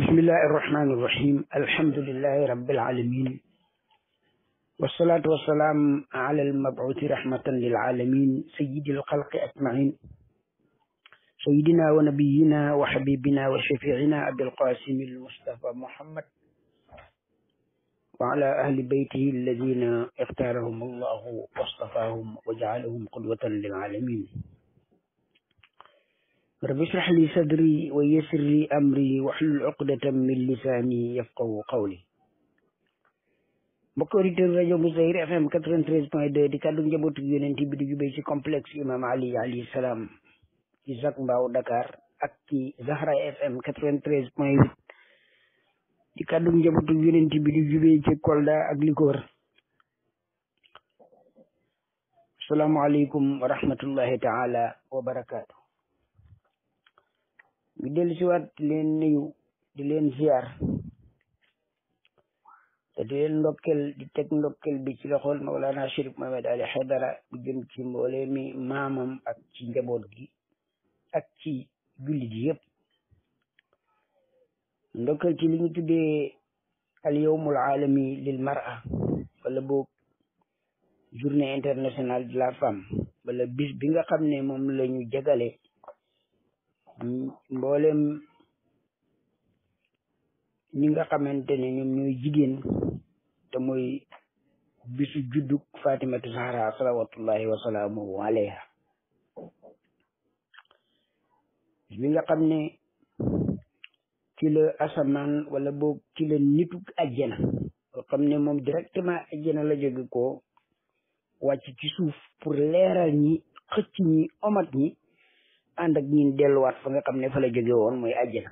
bismillahi irrahmani irrahim alhamdulilahi rabilalamin wasalaatu wasalaam ala almabuuti rahmatan lilaalamin sayidi alxalqi ajmain sayidina wa nabiyina wa xabibina wa shafiina abilqasimi almustafa muhammad wa ala ahli beytihi alladina ixtaarahum allahu wastafahum wa jaalahum qudwatan lilaalamin rabbi shrah li sadri wa yassir li amri wahlul uqdatan min lisani yafqahu qawli mbokk auditeur rajo Moussaïr FM 93.2 di kàddu njabootu yonent bi di jubee ci complexe imam ali alayhi salaam ci zac mbaaw Dakar ak ci Zahra FM 93.8 di kàddu njabootu yonent bi di jubee ci Kolda ak li ko wër asalaamaaleykum wa rahmatullahi taala wa barakaatu ñu dellu si waat leen nuyu di leen te di leen ndokkel di teg ndokkel bi ci loxol Mawlana Chérif Mohamed Ali Haydara bu jëm ci mboole mi maamam ak ci njaboot gi ak ci jullit yëpp ndokkel ci li ñu tuddee al yawmul alami lil mar'a wala boog journée internationale de la femme wala bis bi nga xam ne moom la ñu jagale mboolem ñi nga xamante ne ñoom ñooy jigéen te mooy bisu juddug Fatimatu Zahra salawatullahi wa salaamuhu alayha bi nga xam ne ci la asamaan wala boog ci la nituk ajjana loo xam ne moom directement ajjana la jóge ko wàcc ci suuf pour leeral ñi xëcc ñi omat ñi ànd ak ñin delluwaat fa nga xam ne fa jóge woon mooy àjjana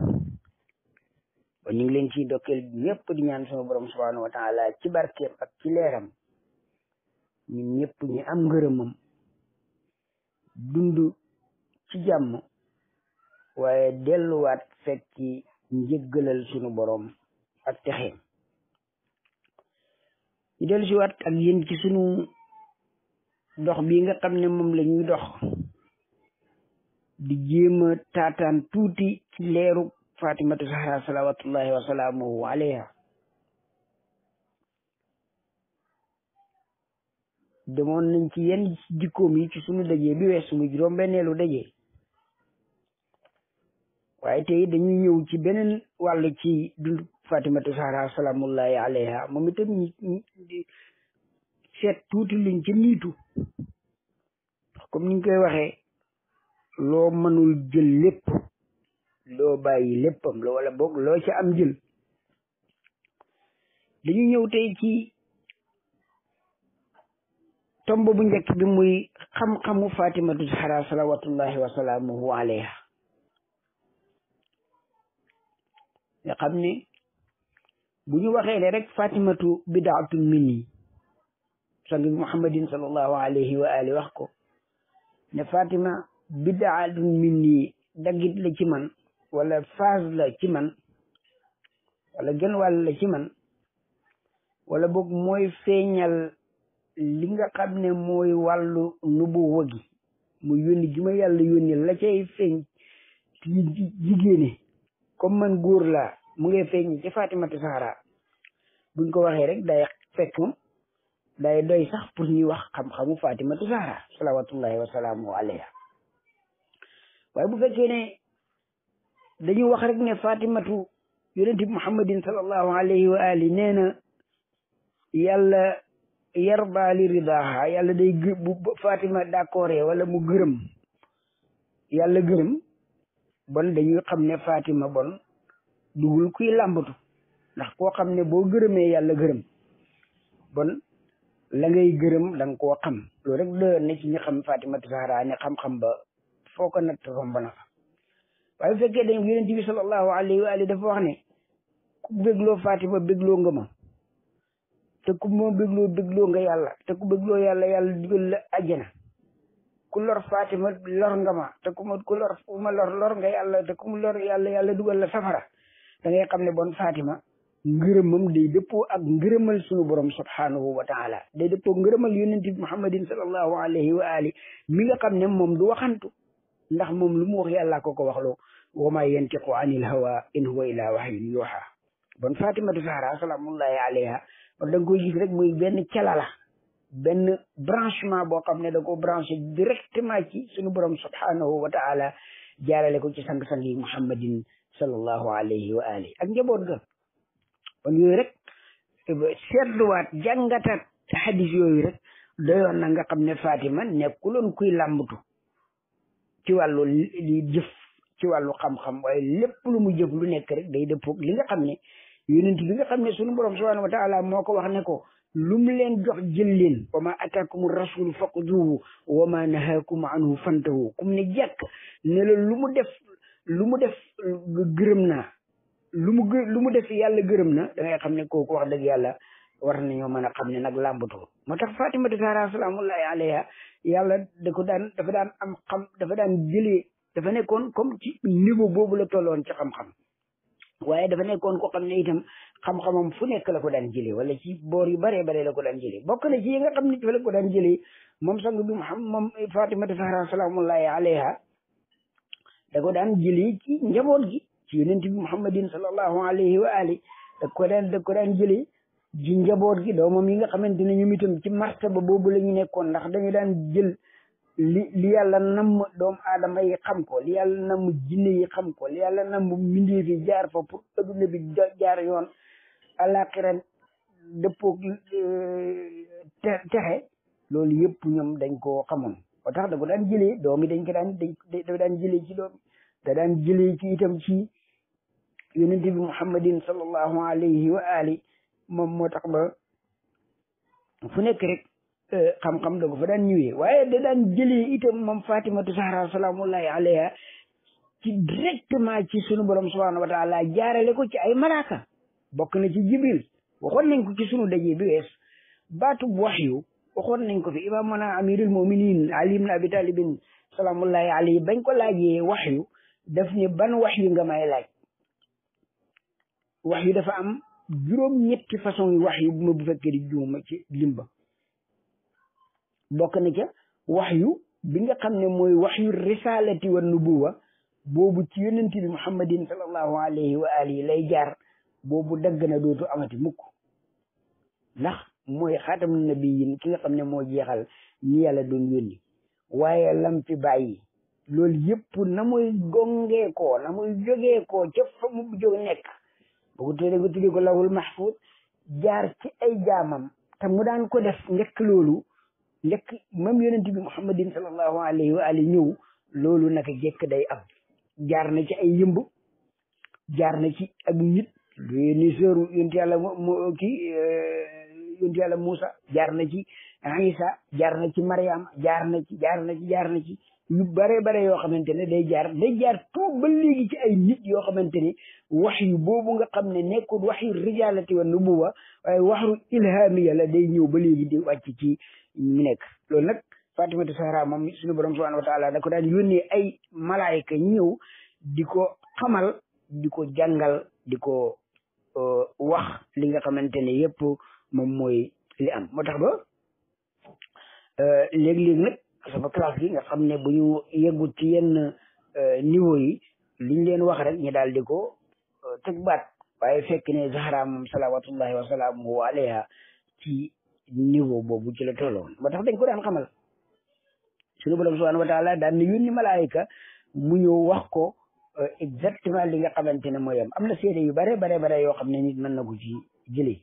kon ñu leen ciy dokkeel ñëpp di ñaan sama borom subhanahu wa taala ci barkeem ak ci leeram ñun ñëpp am ngërëmam dund ci jàmm waaye delluwaat fekki njëggalal sunu boroom ak texeem ñu dellu si waat ak yéen ci sunu dox bi nga xam ne moom la dox di jéem taataan tuuti ci leeru fatimatu zahra salawatullahi wa salaamuhu demoon nañ ci yenn jikkoom yi ci sunu dajee bi weesu mu juróom benneelu dajee waaye tey dañuy ñëw ci beneen wàll ci dund fatimatu zahra salaamullahi alayha moom itam ñi seet tuuti luñ ci niitu comme niñ koy waxee loo mënul jël lépp loo bàyyi léppam la wala boog loo ci am jël dañu ñëw tey ci tomb bu njëkk bi muy xam-xamu fatimatu zahra salawatullahi wa salaamuhu alayha nga xam ne bu ñu waxee ne rek fatimatu bidaatu minni sangi muhammadin sallallahu alayhi wa ne fatima bidaatun min nii daggit la ci man wala faas la ci man wala gën wàll la ci man wala boog mooy feeñal li nga xam ne mooy wàllu nubuwa gi mu yónni gi ma yàlla yónni la cay feeñ ci jigéene comme man góor laa mu ngi feeñ ci Fatimatu Zahra buñ ko waxee rek day fekk day doy sax pour ñuy wax xam-xamu Fatimatu Zahra salawatullahi wasalaamu alayha waaye bu fekkee ne dañuy wax rek ne fatimatu yonent bi muhammadin sallallahu alayhi wa ali nee na yàlla yarbaali ridaha yàlla day bu fatima d'accord wala mu gërëm yàlla gërëm bon dañuy xam ne fatima bon dugul kuy làmbatu ndax koo xam ne boo gërëmee yàlla gërëm bon la ngay gërëm da nga koo xam loolu rek doyoon na ci ñi xam fatimatu zahra xam-xam foo ko natt romb na fa waaye bu fekkee dañ yonent bi sallallahu alayhi wa alihi dafa wax ne ku bégloo Fatima bégloo nga ma te ku ma bégloo bégloo nga yàlla te ku bégloo yàlla yàlla dugal la àjjana ku lor Fatima lor te ku ma ku lor ku ma yàlla yàlla yàlla dugal la safara da ngay xam ne bon Fatima ngërëmam day dëppoo ak ngërëmal sunu borom subhaanahu wa taala day dëppoo muhammadin sallallahu alayhi mi nga xam ne moom du waxantu ndax moom lu mu wax yàlla ko ko waxloo wa ma yantiqu anil hawa in huwa illa wahyun yuha bon Fatimatu Zahra salaamullahi alayha kon da nga koy gis rek muy benn calala benn branchement boo xam ne da ko branché directement ci suñu borom subhanahu wa taala jaarale ko ci sang-sang yi muhammadin sallallahu alayhi wa alihi ak njaboot ga kon yooyu rek seetluwaat jàngataat hadis yooyu rek doyoon na nga xam ne Fatima nekkuloon kuy làmbatu ci wàllu li jëf ci wàllu xam-xam waaye lépp lu mu jëf lu nekk rek day dëppoog li nga xam ne li nga xam ne sunu borom subhanahu wa taala moo ko wax ne ko lu mu leen jox jël leen wa ma ataakum rasul faqduhu wa ma nahaakum anhu fantahu kum ne jàkk ne la lu mu def lu mu def gërëm naa lu mu lu mu def yàlla gërëm na da ngay xam ne ko wax dëgg yàlla war nañoo mën a xam ne nag làmbatoo moo tax Fatima Zahra salaamullahi alayha yàlla da ko daan dafa daan am xam dafa daan jëlee dafa nekkoon comme ci niveau boobu la toloon ci xam-xam waaye dafa nekkoon ko xam ne itam xam-xamam fu nekk la ko daan jëlee wala ci boor yu baree bare la ko daan jëlee bokk na ci yi nga xam ne fa la ko daan jëlee moom sang bi Muhammad moom Fatima Zahra salaamullahi alayha da ko daan jëlee ci njaboot gi ci yonent bi Muhammadin sallallahu alayhi wa ali da ko daan da ko daan jëlee ji njaboot gi doomam yi nga xamante ne ñoom itam ci martaba boobu la ñu nekkoon ndax dañu daan jël li li yàlla namm doom aadama yi xam ko li yàlla namm jinne yi xam ko li yàlla namm mbindeef yi jaar fa pour adduna bi jaar yoon àllaaxira dëppoog euh, te texe loolu yëpp ñoom dañ koo xamoon ba tax da ko daan jëlee doom dañ ko daan dañ da daan jëlee ci doom da daan jëlee ci itam ci yonente bi muhammadin sallallahu alayhi wa ali moom moo tax ba fu nekk rek euh, xam-xam da ko fa daan waaye da daan jëlee itam moom fatimatu zahra salaamullahi alayha ci directement ci sunu borom subhanahu wa taala jaarale ko ci ay malaaka bokk na ci jibril waxoon nañ ko ci sunu dajee bi wees baatub waxyu waxoon nañ ko fi imaamuna amirul muminin ali ibn abi talibin salaamullahi alayhi bañ ko laajee waxyu daf ne ban waxyu nga may laaj waxyu dafa am juróom-ñetti façon yi wax yu bu ma bu fekkee di limba bokk na ca wax bi nga xam ne mooy wax yu risalati wa nubuwa boobu ci yonent bi muhammadin sallallahu alayhi wa alihi lay jaar boobu dagg na dootu amati mukk ndax mooy xaatamu nabiyin ki nga xam ne moo jeexal ñi yàlla doon yónni waaye lam fi bàyyi lool yëpp na muy gongeekoo na muy jógeekoo ca fa mu jóg nekk boo ko tuddee nga tuddee ko lawul mahfud jaar ci ay jaamam te mu daan ko def njëkk loolu njëkk même yonent bi muhammadin sallallahu alayhi wa ali ñëw loolu naka jekk day am jaar na ci ay yëmb jaar na ci ak nit lu ni sëru yonent yàlla mu kii eh, yonent yàlla Moussa jaar na ci Isa jaar na ci Mariam jaar na ci jaar na jaar na ci yu bare bare yoo xamante ne day jaar day jaar tout ba léegi ci ay nit yoo xamante ni wax yu boobu nga xam ne nekkul wax yu rijalati wa nubuwa waaye waxru ilhamiya la day ñëw ba léegi di wàcc ci ñu nekk loolu nag Fatimatu Zahra moom suñu borom subhanahu wa taala da ko daan yónnee ay malaayka ñëw di ko xamal di ko jàngal di ko euh, wax li nga xamante ne yëpp moom mooy li am moo tax ba euh, léeg-léeg nag sama classe gi nga xam ne bu ñu yeggut ci yenn euh, niveau yi liñ leen wax rek ñu daal di ko euh, teg baat waaye fekk ne Zahra moom salawaatullahi wa salaamuhu ci niveau boobu ci la tolloon ba tax dañ ko daan xamal suñu borom subhanahu wa taala daan na yónni malaayika mu ñëw wax ko euh, exactement li nga xamante ne mooy am am na seede yu bare bare bare yoo xam ne nit man na ko ci jëlee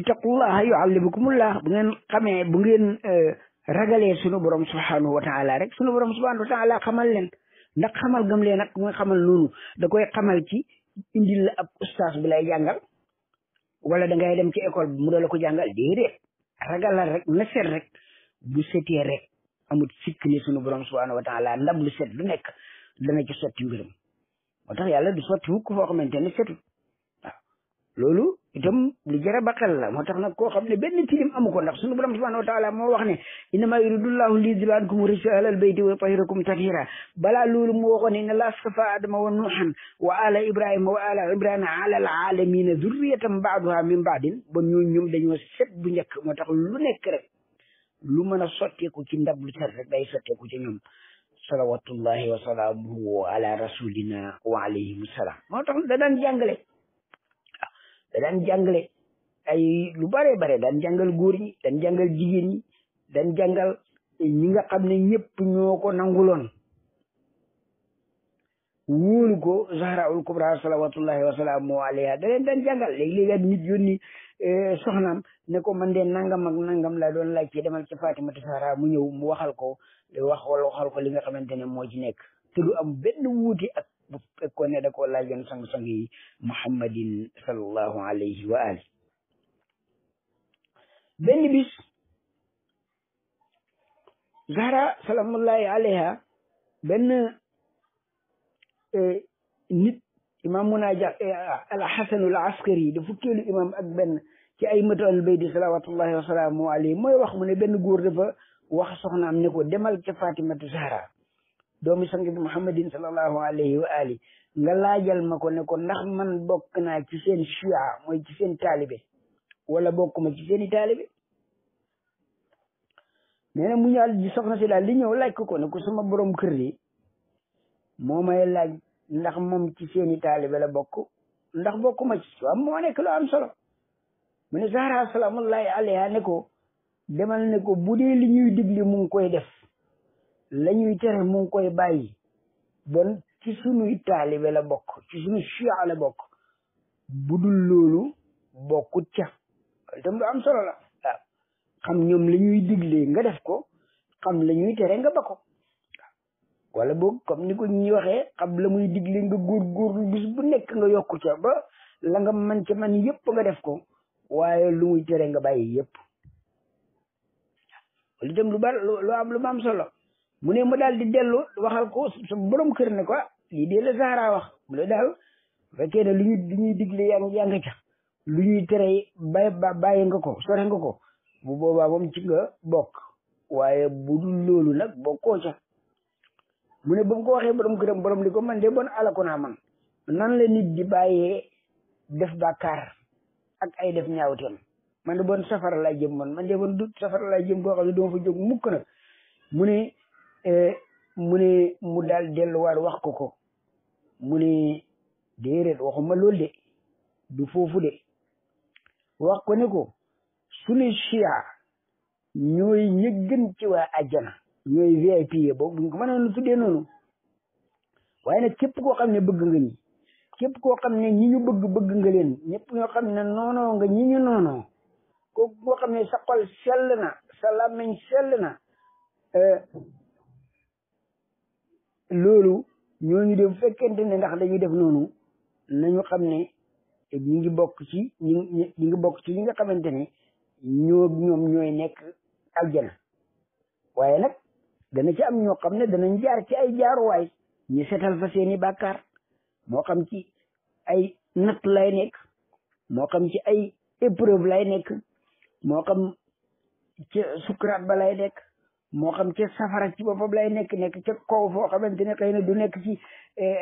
ittaqullaha yuallimukumullah bu ngeen xamee bu ngeen euh, ragalee sunu borom subhanahu wa taala rek sunu borom subhanahu wa taala xamal leen ndax xamal gam leen nag mooy xamal noonu da koy xamal ci indil la ab ustaas bi lay jàngal wala da ngay dem ci école bi mu doo la ko jàngal déedéet ragalal rek na set rek bu setee rek amut sikk sunu borom subhanahu wa taala ndab lu set lu nekk dana ci sotti mbiram moo tax yàlla du sotti mukk foo xamante ne setut loolu itam lu jara ba xel la moo tax nag koo xam ne benn tilim amu ko ndax suñu borom subhanahu wa taala moo wax ne innama yuridullahu liyudhhiba ankum rijsa ahlal bayti wa yutahhirakum tathira balaa loolu mu waxoon ne la astafa adama wa nuuhan wa ala ibrahima wa ala ibrahima alal alamina zurriyatan ba'duha min ba'din ba ñoo ñoom dañoo set bu njëkk moo tax lu nekk rek lu mën a sotteeku ci ndab lu set rek day sotteeku ci ñoom salawatullahi wa salaamuhu ala rasulina wa alayhimu salaam moo tax da daan jàngale da daan jàngale ay lu bare bare daan jàngal góor ñi daan jàngal jigéen ñi daan jàngal ñi nga xam ne ñëpp ñoo ko nanguloon wóolu ko zahraul kubra salawatullahi wasalaamu alayha da leen daan jàngal léegi-léegi nit yónni eh, soxnaam ne ko man de nangam ak nangam laa doon laaj ci demal ci Fatimatu Zahra mu ñëw mu waxal ko wax wala li nga xamante ne moo ci nekk am benn wuute ko ne da koo laajoon sang-sang yi muhammadin sallallahu alayhi wa ali benn bis zahra salamullahi alayha benn e, nit imam munaja e, alxasanul askari da fukkeelu imam ak benn ci ay matu al bayti salawatullahi wasalaamu alayhi mooy wax mu ne benn góor dafa wax soxnaam ne ko demal ca fatimatu zahra doomi sang bi muhammadin sallallahu alayhi wa ali nga laajal ma ko ne ko ndax man bokk naa ci seen chia mooy ci seen taalibe wala bokkuma ci seeni taalibe nee na mu ñaal ji soxna si daal li ñëw laaj ko ko ne ko sama borom kër yi moo may laaj ndax moom ci seeni taalibe la bokk ndax bokkuma ci waaw moo nekk lu am solo mu ne Zahra salaamullahi alayha ne ko demal ne ko bu dee li ñuy digli mu ngi koy def lañuy tere mu ngi koy bàyyi bon ci sunuy taalibe la bokk ci sunuy chia bokk bu dul loolu bokkut ca loolu tam lu am solo la waaw xam ñoom la ñuy diglee nga def ko xam la ñuy tere nga ba wala boog comme ni ko ñuy waxee xam la muy digle nga góorgóorlu bis bu nekk nga yokku ca ba la nga man ca man yépp nga def ko waaye lu muy tere nga bàyyi yëpp lu dem lu bari lu am lu ma am solo mu ne ma daal di dellu waxal ko sa borom kër ne ko lii dee wax mu ne daal bu fekkee ne lu ñuy digle yaa ngi yaa ca lu ñuy tere bay bàyyi nga ko sore nga ko bu boobaa moom ci nga bokk waaye bu dul loolu nag bokkoo ca mu ne ba mu ko waxee borom këram borom li ko man de bon alako naa man nan leen nit di bàyyee def bàkkaar ak ay def ñaawteem man de bon safara laa jëm man man de bon du safara laa jëm boo xam ne doo fa jóg mukk nag mu ne Eh, mu ne mu daal delluwaat wax ko ko mu ne déedéet ma loolu de du foofu de wax ko ne ko sunu chia ñooy ñi gën ci waa ajjana ñooy VIP ye boobu duñ ko mën a tuddee noonu waaye nag képp koo xam ne bëgg nga ñi képp koo xam ne ñi bëgg bëgg nga leen ñëpp ñoo xam ne noonoo nga ñi ñu noonoo kooku koo xam ne sa xol sell na sa làmmiñ sell na eh, loolu ñoo ñooñu de bu fekkente ne ndax dañuy def noonu nañu xam ne ñi ngi bokk ci ñi ngi bokk ci ñi nga xamante ne ñoo ñoom ñooy nekk aljana waaye nag dana ci am ñoo xam ne danañ jaar ci ay jaaruwaay ñu setal fa seeni bàkkaar moo xam ci ay natt lay nekk moo xam ci ay épreuve lay nekk moo xam ci sukuraat ba lay nekk moo xam ca safara ci boppam lay nekk nekk ca kaw foo xamante ne xëy na du nekk ci eh,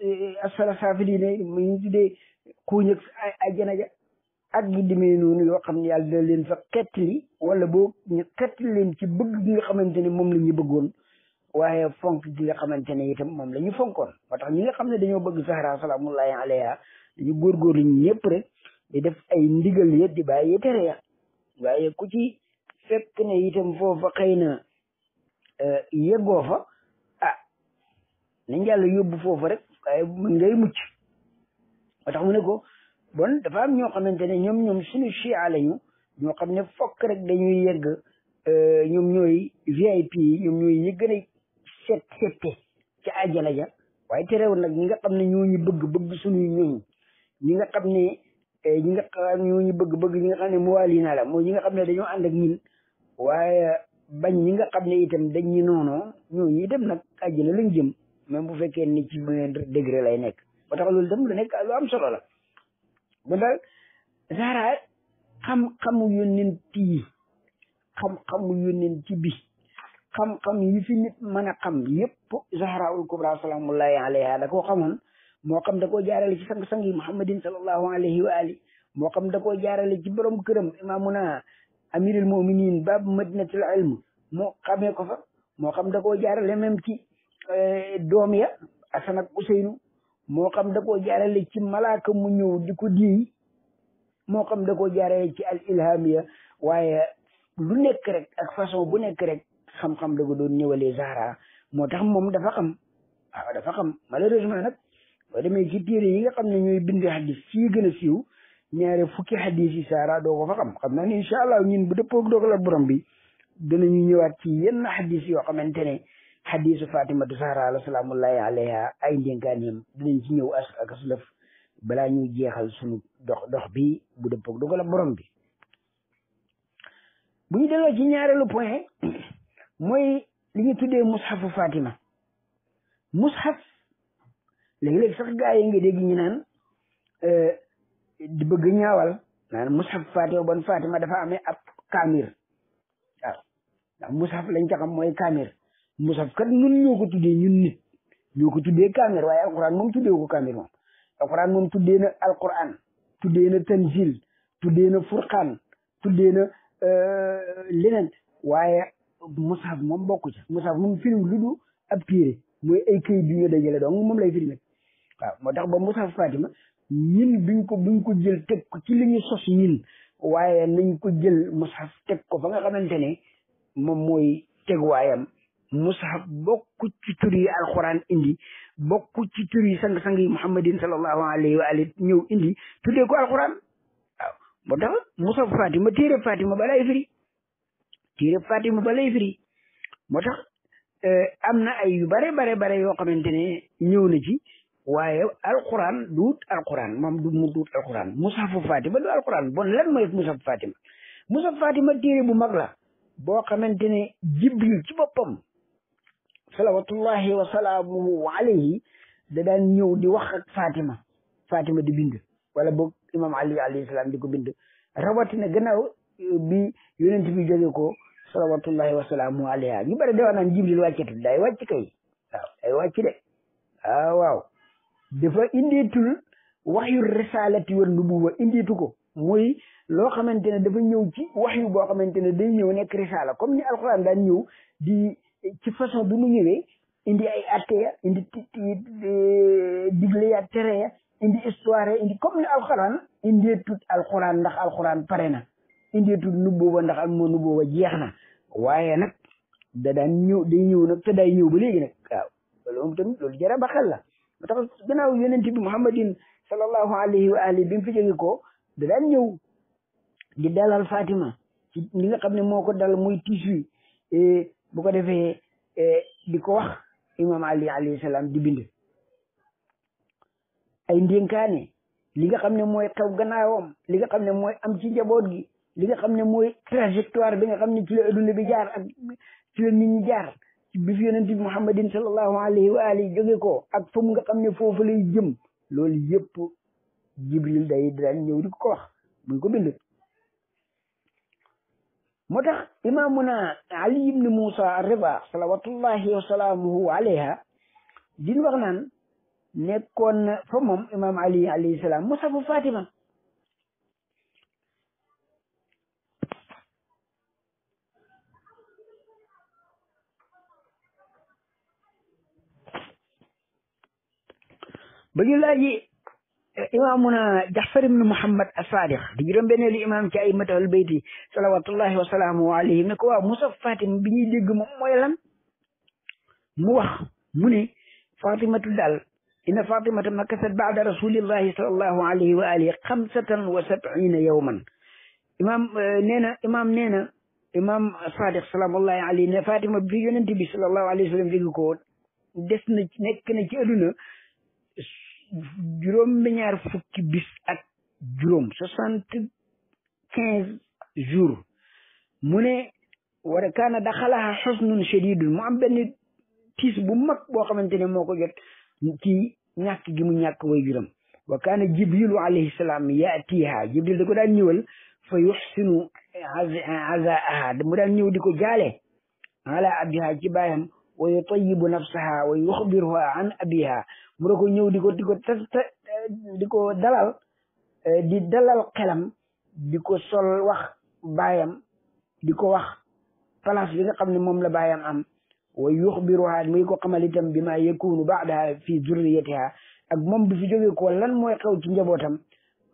eh, asfala saafili ne mu ñu tuddee kuuñ ak ajjana ja ak yi demee noonu yoo xam ne yàlla dina leen fa xettali wala boo ñu xettali leen ci bëgg gi nga xamante ne moom la ñu bëggoon waaye fonk gi nga xamante ne itam moom la fonkoon moo tax ñi nga xam ne dañoo bëgg sahara salaamullahi alayha dañu góorgóorlu ñu ñëpp rek di def ay ndigal ya di bàyyi ya waaye ku ci fekk ne itam foofa xëy na euh, yëggoo fa ah nañ yàlla yóbbu foofa rek waaye mën ngay mucc moo tax mu ne ko bon dafa am ñoo xamante ne ñoom ñoom suñu chia lañu ñoo xam ne fokk rek dañuy yegg euh, ñoom ñooy VIP yi ñoom ñooy ñi gën a set sette ca ajala ja waaye te réew nag ñi nga xam ne ñooñu bëgg bëgg suñuy ñooñ ñi nga xam ne eh, ñi nga xam ñooñu bëgg bëgg ñi nga xam ne muwalina la mooy ñi nga xam ne dañoo ànd ak ñin waaye bañ ñi nga xam ne itam dañ ñu noonu ñooñu itam nag àjjana lañ jëm même bu fekkee ni ci degré lay nekk ba loolu itam lu nekk lu am solo la bu daal Zahra xam-xamu yónent yi xam-xamu yónent bi xam-xam yi fi nit mën a xam yëpp Zahraul Kubra salaamullahi alayha da koo xamoon moo xam da koo jaarale ci sang-sang yi Muhammadin sallallahu alayhi wa ali moo xam da koo jaarale ci borom këram imaamuna amirul muminin baab madinatul ilm moo xamee ko fa moo xam da koo jaarale même ci eh, doom ya Asan ak Useynu moo xam da koo jaarale ci malaaka mu ñëw di ko diy moo xam da koo jaarale ci al ilhamiya waaye lu nekk rek ak façon bu nekk rek xam-xam da doon ñëwalee Zahra moo tax moom dafa xam waaw dafa xam malheureusement nag boo demee ci téere yi nga xam ne ñooy bind hadis ci gën a siiw ñaare fukki xadis yi saara doo fa xam xam naa ni allah ñun bu dëppoog dogalat borom bi dinañu ñëwaat ci yenn xadis yoo xamante ne xadisu fatimatu sahra la salaamullahi alayha ay ndénkaaneem ñu ci ñëw as ak aslaf balaa jeexal suñu dox dox bi bu dëppoog dogalat borom bi bu ñu delloo ci ñaareelu point mooy li ñu tuddee mushafu fatima mushaf léegi sax gaa yi nga dégg di bëgg ñaawal naan Fatima dafa ame ab kaamir waaw ndax mushaf lañ ca mooy kaamir mushaf kat ñun ñoo ko tuddee ñun nit ñoo ko tuddee kaamir waaye alquran moom tudde ko kaamir moom alquran moom tuddee na alquran tuddee na tanzil tuddee na furqaan tuddee na euh, leneen waaye mushaf moom bokku ci mushaf moom film lu mooy ay këyit yu ñu dajale donc lay firi nag waaw tax ba mushaf Fatima ñin biñ ko buñ ko jël teg ko ci li sos ñin waaye nañ ko jël mushaf teg ko fa nga xamante ne moom mooy teguwaayam mushaf bokk ci tur yi alxuraan indi bokk ci tur yi sang-sang yi muhammadin sallallahu alayhi wa ñëw indi tuddee ko alxuraan waaw moo tax mushaf fatima téere fatima balay firi téere fatima balay firi moo tax eh, am na ay yu bare bare bare yoo xamante ne ñëw na ci waaye alquran du wut alquran moom du mu fatima du alquran bon lan mooy musafu fatima musafu fatima téere bu mag la boo xamante ne jibril ci boppam salawatullahi wa salaamuhu alayhi da daan ñëw di wax ak fatima fatima di bind wala boog imam ali alayhi salaam di ko bind rawatina gannaaw euh, bi yonent bi jóge ko salawatullahi wa salaamuhu alayha ñu bëri da wax naan jibril wàccetul day kay waaw day dafa indiitul waxyu risalati war nubuwa indiitu ko muy loo xamante ne dafa ñëw ci waxyu boo xamante ne day ñëw nekk risala comme ni alxuraan daan ñëw di ci façon bi mu ñëwee indi ay atte ya indi e, histoire ya indi comme ni alxuraan indiitut alxuraan ndax alxuraan pare na indiitut nubuwa ndax al moo nubuwa jeex na waaye nag da daan ñëw day ñëw nag te day ñëw ba léegi nag waaw loolu moom tamit loolu jara baxal la ba tax gannaaw yonent bi muhammadin sallallahu alayhi wa alihi bi mu fi jóge ko da daan ñëw di dalal Fatima ci li nga xam ne moo ko dal muy tiis wi e bu ko defee e di ko wax imam ali alayhi salaam di bind ay ndénkaane li nga xam ne mooy xew gannaawam li nga xam ne mooy am ci njaboot gi li nga xam ne mooy trajectoire bi nga xam ne ci la bi jaar ak ci jaar bi fi yonent bi muhammadin sallallahu alayhi wa alihi jóge ko ak fa mu nga xam ne foofu lay jëm loolu yëpp jibril day daan ko wax muy ko bind moo tax imaamuna ali ibn musa riba salawatullahi wa salaamuhu alayha din wax naan nekkoon na fa moom imaam ali alayhi salaam musafu ba ñu laaji imaamuna jafar ibnu muhammad asadiq di juróom benneelu imaam ci ay matal bayti salawatullahi wa salaamu alayhi ne ko waaw musa fatima bi ñuy dégg moom mooy lan mu wax mu ne fatimatu daal inna fatimata makasat baada rasulillahi salallahu alayhi wa alihi xamsatan wa sabina yowman imaam eh, nee na imaam nee na imaam sadiq salaamullahi alayhi ne fatima bi yonente bi salallahu alayhi wa sallam dégg ko des na nekk na ci adduna juróom ñaar fukki bis ak juróom soixante quinze jours mu ne wara kaana daxalaha xusnun shadidun mu am benn tiis bu mag boo xamante ne moo ko jot ci ñàkk gi mu ñàkk way juróom wa kaana jibrilu alayhi salaam yaatiha jibril da ko daan ñëwal fa yuxsinu azaaha mu daan ñëw di ko jaale ala abiha ci baayam wa yutayibu nafsaha wa yuxbiruha an abiha mu da ko ñëw di ko di di ko dalal e, di dalal xelam di ko sol wax baayam di ko wax place bi nga xam ne moom la baayam am wa yuxbiruha muy ko xamal tam bi ma yakunu baadaha fi zurriyatiha ak moom bi fi jógee ko lan mooy xew ci njabootam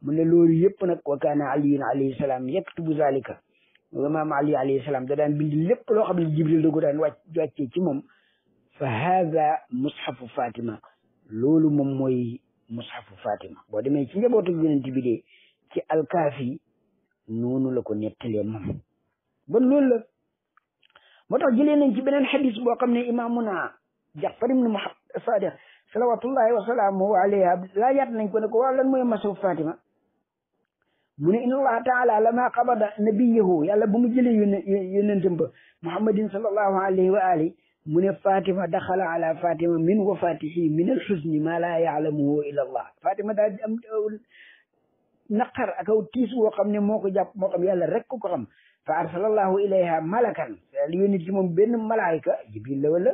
mu ne loolu yëpp nag wa kaana aliyun alayhi salaam yaktubu zalika imaam ali alayhi salaam da daan bind lépp loo xam ne jibril da ko daan wàcc wàccee ci moom fa haada mushafu fatima loolu moom mooy mushafu Fatima boo demee ci njabootu yonent bi de ci alkaafi noonu la ko nettalee moom bon loolu moo tax ju nañ ci beneen xadis boo xam ne imaamuna Jaafar ibn Muhammad Sadiq salawatullahi wa salaamuhu alayha laa yaat nañ ko ne ko waaw lan mooy mashafu Fatima mu ne inna allaha taala lama qabada nabiyahu yàlla bu mu jëlee yónne yónnentam ba muhammadin sallallahu alayhi wa mu ne fatima daxala ala fatima min wafatihi min al xuzni ma laa yaalamuhu illa allah fatima daal di am euh, naqar ak aw tiis woo xam ne moo ko jàpp moo xam yàlla rek ko ko xam fa arsalallahu ilayha malakan li yónni ci moom benn malaayka jibril la wala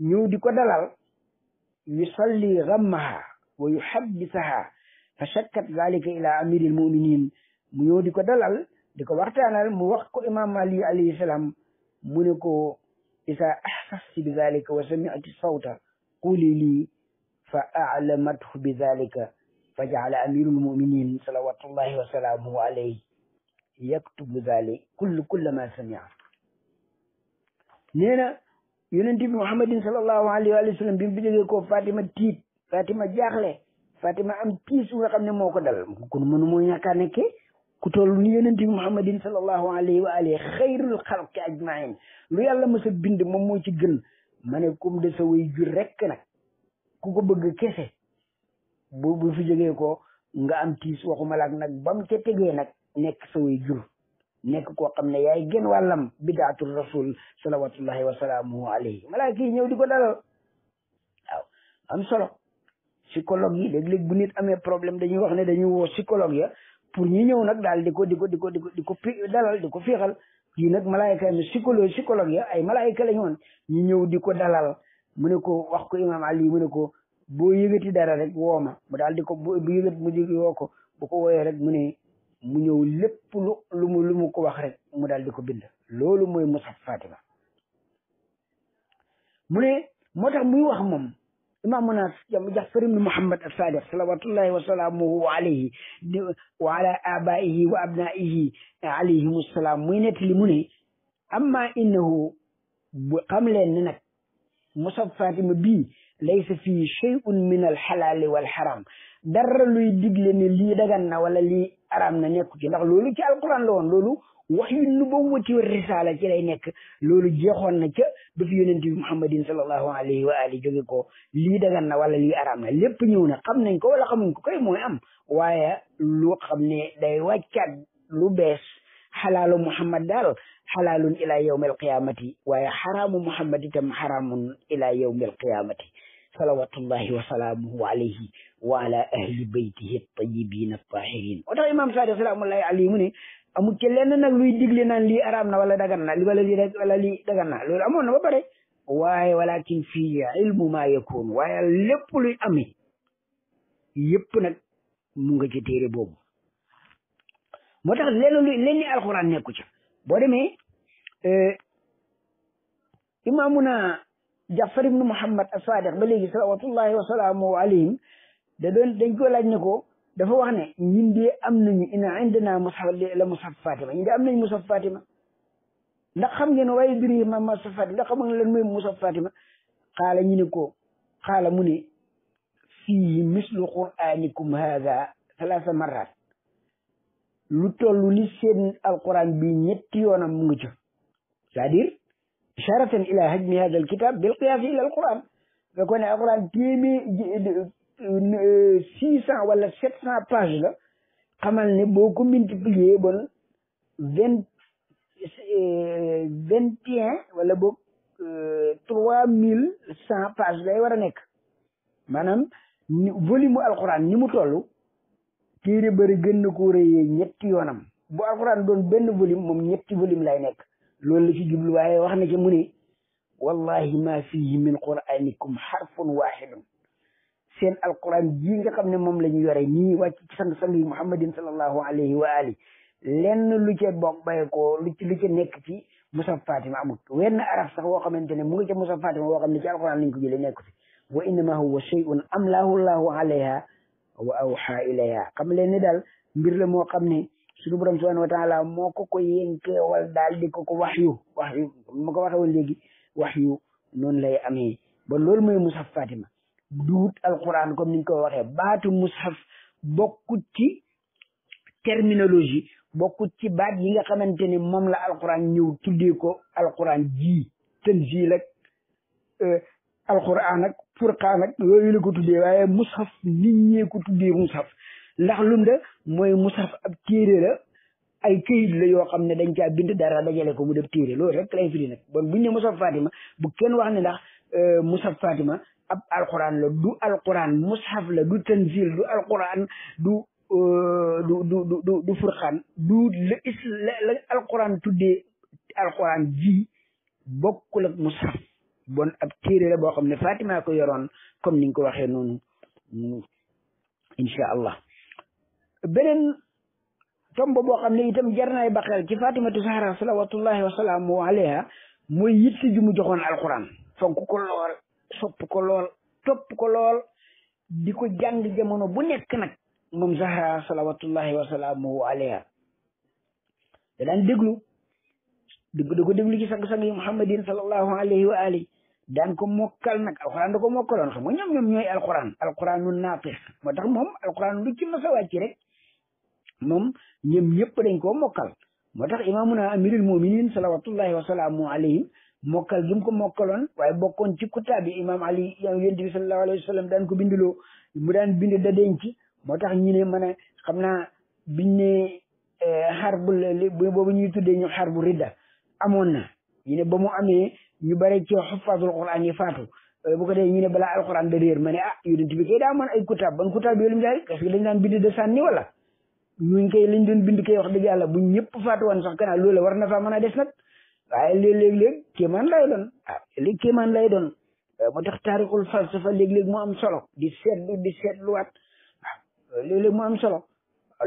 ñëw di ko dalal yusalli gammaha wa yuhabbisaha fa shakkat zalika ila amiril muminin mu ñëw di ko dalal di ko waxtaanal mu wax ko imam ali alayhi salaam mu ne ko isaa axsasti bi dalika wa sami'ti sawta quli lii fa aclamathu bi dalika fa jacala amirul muminin salawatullahi wa salaamuhu alayhi yaktubu dalik kull kulla ma samia nee na yonent bi muhammadin sallallahu alayhi wa sallam bi mu jógee ko fatima tiit fatima jaaxle fatima am tiis nga xam ne moo ko dal kon mënu moo ñàkkaa nekkee ku toll ni yonent bi muhammadin sallallahu alayhi wa alihi xayrul xalqi ajmain lu yàlla mës a bind moom moo ci gën ma ne kum de sa way jur rekk nag ku ko bëgg kese bu bu fi jógee ko nga am tiis waxuma laak nag bam ca tegee nag nekk sa way jur nekk koo xam ne yaay gën wàllam bidaatul rasul salawatullahi wasalaamuhu alayhi malaaka ñëw di ko dalal am solo psychologue yi léeg-léeg bu nit amee problème dañuy wax ne dañuy woo psychologue ya pour ñu ñëw nag daal di ko di ko di ko di ko di ko dalal di ko fiixal kii nag malaayika yi psychologue psychologue ya ay malaayika lañu woon ñëw di ko dalal mu ne ko wax ko imaam Ali mu ne ko boo yëgati dara rek woo ma mu daal di ko bu mu di woo ko bu ko wooyee rek mu ne mu ñëw lépp lu lu mu lu mu ko wax rek mu daal di ko bind loolu mooy Musaf Fatima mu ne moo tax muy wax moom imaamuna Ja'far ibn Muhammad as-Sadiq salawatullahi wa salaamuhu alayhi wa ala abaihi wa abnaihi alayhim salaam muy nettali mu ne amma innahu bu xam leen ne nag musab Fatima bii laysa fii shay'un min al-halal wal haram dara luy digle ne lii dagan na wala lii araam na nekku ci ndax loolu ci alquran la woon loolu wax yu nubuwwati wa risaala ci lay nekk loolu jeexoon na ca ba fi yonent bi muhammadin sallallahu alayhi wa ali jóge ko lii dagan na wala lii araam na lépp ñëw na xam nañ ko wala xamuñ ko koy mooy am waaye lu xam ne day wàccaat lu bees xalaalu muhammad daal xalaalun ila yawmi alqiyamati waaye xaraamu muhammad itam xaraamun ila yawmi alqiyamati salawatullahi wa salaamuhu alayhi wa ala ahli baytihi at-tayyibin at-tahirin o tax imam sadiq salaamullahi alayhi mu ne amul ci lenn nag luy digle naan lii araam na wala dagan na li wala lii wala dagan na loolu amoon na ba pare waaye walakin fii ilmu maa yakun waaye lépp luy ami yëpp nag mu nga ci téere boobu moo tax lenn luy lenn alxuraan nekku ci boo demee e, imaamuna jafar ibnu muhammad as-sadiq ba léegi salawatullahi wasalaamu alayhim da doon dañ ko laaj ne ko dafa wax ne ñun de am nañu ina indina mushaf la mushaf Fatima ñun de am xam ngeen waaye diri ma mushaf Fatima ndax ñu ne ko xaala mu ne fii mislu quranikum haada salaasa marrat lu toll li seen alquran bi ñetti yoonam mu ngi ci cest ila hajmi haada alkitab bil qiyaasi ila alquran ko ne alquran téeméer six cent wala sept cent page la xamal ni boo ko multiplier bon vingt euh, vingt un wala boog euh, trois mille cent page lay war a nekk maanaam volume bu alxuraan ni mu toll téere bëri gën na ko rëyee ñetti yoonam bu alxuraan doon benn volume moom ñetti volume lay nekk loolu la ci jublu waaye wax na mu ne wallahi ma fihi min quranikum harfun wahidun seen alquran jii nga xam ne moom la ñu yore nii wàcc ci sang sang yi muhammadin sallallahu alayhi wa ali lenn lu ca bokk bay ko lu ci lu ca nekk ci musaf fatima amut wenn araf sax woo xamante ne mu ngi ca musaf fatima woo xam ne ci alquran lañ ko jëlee nekk ci wa innama huwa shay'un amlahu llahu alayha wa awha ilayha xam leen ne daal mbir la moo xam ne suñu borom wa taala moo ko ko wa daal di ko ko wax yu wax yu ma ko waxee woon léegi wax yu noonu lay ba loolu mooy musaf fatima duut alquran comme niñ ko waxee baatu mushaf bokkut ci terminologie bokkut ci baat yi nga xamante ni moom la alquran ñëw tuddee ko alquran ji tanzil ak euh, alquran ak pour ak yooyu la ko tuddee waaye mushaf nit ñee ko tuddee mushaf ndax lu nda mooy mushaf ab téere la ay këyit la yoo xam ne dañ caa bind dara dajale ko mu def téere loolu rek lay firi nag bon buñ ne mushaf Fatima bu kenn wax ne ndax euh, mushaf Fatima ab alquran la du alquran mushaf la du tanzil du euh, du du du du du furqaan du la is la alquran tuddee alquran ji bokkul ak mushaf bon ab téere la boo xam ne Fatima ko yoroon comme ni nga ko waxee noonu incha allah beneen tomb boo xam ne itam jar naay baxel ci Fatimatu Zahra salawatullahi wa salaamu alayha mooy yitte ju mu joxoon alquran fonk ko lool sopp ko lool topp ko lool di ko jàng jamono bu nekk nag moom Zahra salawatullahi wasalaamuhu alayha da daan déglu dugg da ko déglu ci sang-sang muhammadin sallallahu alayhi wa daan ko mokkal nag alquran da ko mokkaloon xam nga ñoom ñoom ñooy alquran alquranu naatix moo tax moom alquran lu ci masa wàcc rek moom ñoom ñëpp dañ koo mokkal moo tax imaamuna amirul muminin salawatullahi wasalaamu alayhim mokkal gi mu ko mokkaloon waaye bokkoon ci kutaabi imaam ali yonent bi sallallahu alayhi wa sallam daan ko binduloo mu daan bind da denc moo tax ñu ne mën a xam naa biñ ne eh, xar bu boobu ñuy tuddee ñu xar bu ridda amoon na ñu ne ba mu ñu bare ci xuffaasul quran yi faatu eh, bu ko dee ñu ah, bi de sànni wala doon bind koy wax dëgg bu ñëpp faatu woon war na faa mën a des nag waaye léeg-léeg man lay doon ah léegi man lay doon eh, moo tax taarixul falsafa léeg-léeg mu am solo di seetlu di seetluwaat waaw ah, léeg-léeg mu am solo